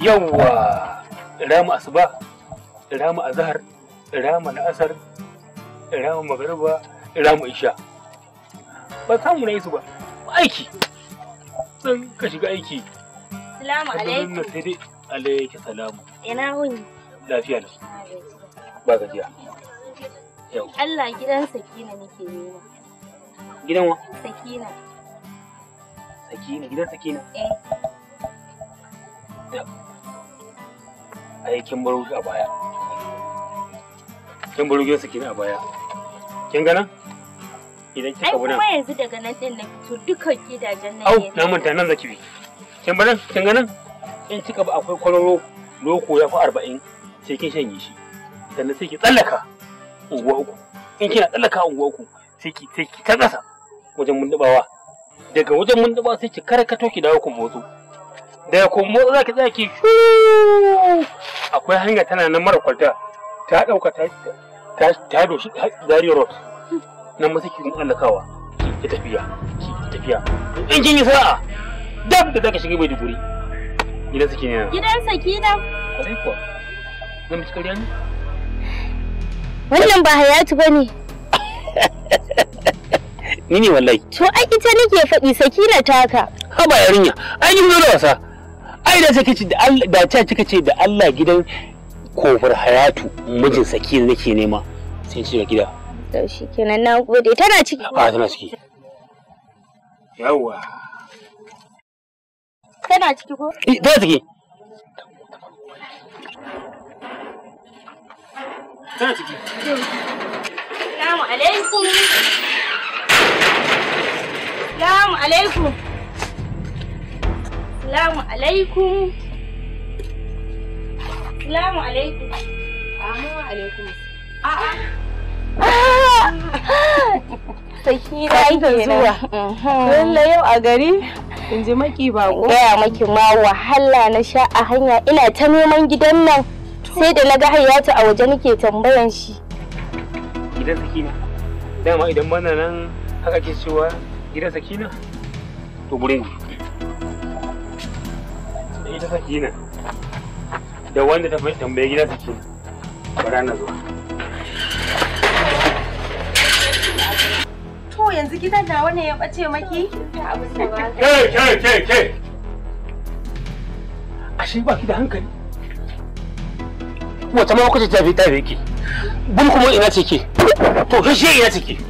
yawwa rama asuba rama azhar rama la'asar rama magariba rama isha ba samu na yi su ba aiki sun ka shiga aiki salamu alaikum sai dai alaiki salamu ina wuni lafiya ne ba gajiya Allah gidan sakina nake nema gidan wa sakina sakina gidan sakina eh A yi kin baro a baya kin baro gidansu kin a baya kin gana idan kika buna ai kuma yanzu daga nan din na fito dukkan gidajen nan au na manta nan zaki bi kin bana kin gana in kika ba akwai kwararo loko ya fi arba'in sai kin shanye shi sannan sai ki tsallaka unguwa uku in kina tsallaka unguwa uku sai ki sai ki ta kasa wajen mundubawa daga wajen mundubawa sai ki karkato ki dawo ku motsu daga za motsa zaki zaki akwai hanya tana nan mara kwalta ta dauka ta ta ta doshi Zaria road nan masu kin allakawa ki tafiya ki tafiya in kin yi sa'a dab da zaka shiga mai duburi. gidan saki ne gidan saki na miki kariya ne wannan ba hayatu bane ni ne wallahi to ai ita nake faɗi sakina taka haba yarinya ai ni da wasa ai da sai ce da Allah da ta kika ce da Allah gidan kofar hayatu mijin saki nake nema sai ce gida to shikenan na gode tana ciki a ah, tana ciki yawa tana ciki ko eh tana ciki tana ciki Assalamu alaikum Assalamu alaikum Salamu alaikum. Salamu alaikum. Amma alaikum. A'a. Sakina zuwa. Mhm. Lalle yau a gari in ji maki bako. Gaya maki ma wahala na sha a hanya ina ta neman gidan nan sai da na ga hayata a waje nake tambayan shi. Gidan Sakina. Dama idan mana nan haka ke cewa gidan Sakina to gurin ita sakina da wanda ta tambaye ta ke bara na zuwa to yanzu gidan na wani ya bace maki ke ke ke ke ashe ba ki da hankali wata ma kuka tafi tafi ki bun kuma ina ce ke to kashe ina ce ke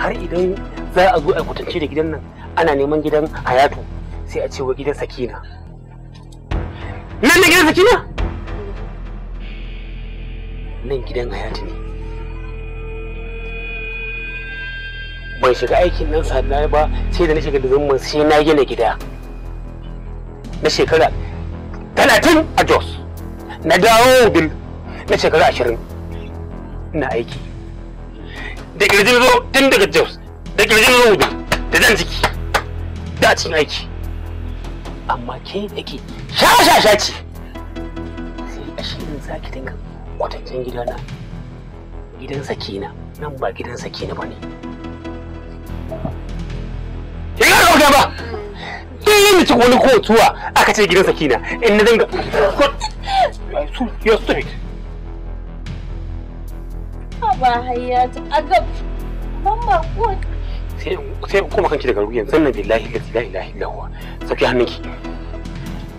har idan za a zo a kwatance da gidan nan ana neman gidan hayatu sai a ce wa gidan sakina Nan ne gidan Sakina? Nan gidan hayati ne. Ban shiga aikin nan sannan ba sai da na shiga da zumman sai na gina gida. Na shekara talatin a Jos. Na dawo bil na shekara ashirin na aiki. Da kirjin zo tun daga Jos. Da kirjin zo da zan ciki. Da cin aiki. Amma ke da ke shashasha ce sai a shirin za ki dinga kwatancin gidana gidan sakina nan ba gidan sakina ba ne ina ga ba yi mace wani kotuwa aka ce gidan sakina in na dinga you're stupid ba hayata agab ban ba kuwa sai kuma kanki daga ruwa yanzu nan billahi la ilaha illa huwa saki hannunki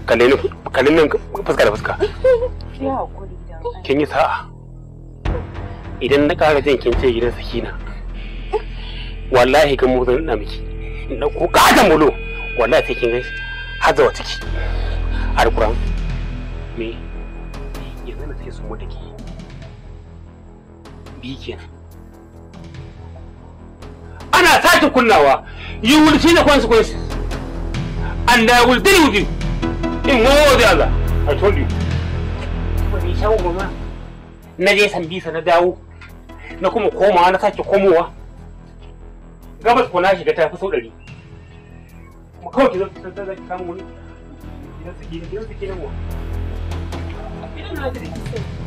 kalli nan fuska da fuska kin yi sa'a idan na kara jin kin ce gidan sakina wallahi kan mu zan miki na kuka da mulo wallahi sai kin gaishe har zawa ciki alquran me yanzu na sai su mu dake bi kenan ana sake kunnawa you will see the consequences and I will deal with you In no the other. I told you. Ba ni shawo mama. Na je san bisa na dawo. Na kuma komawa na sake komowa. Gabas ko na shiga ta fi sau ɗari. Kuma kawai ki zo ki san zaki kamo ni. Gidan su ne, gidan su gidan mu. Gidan na da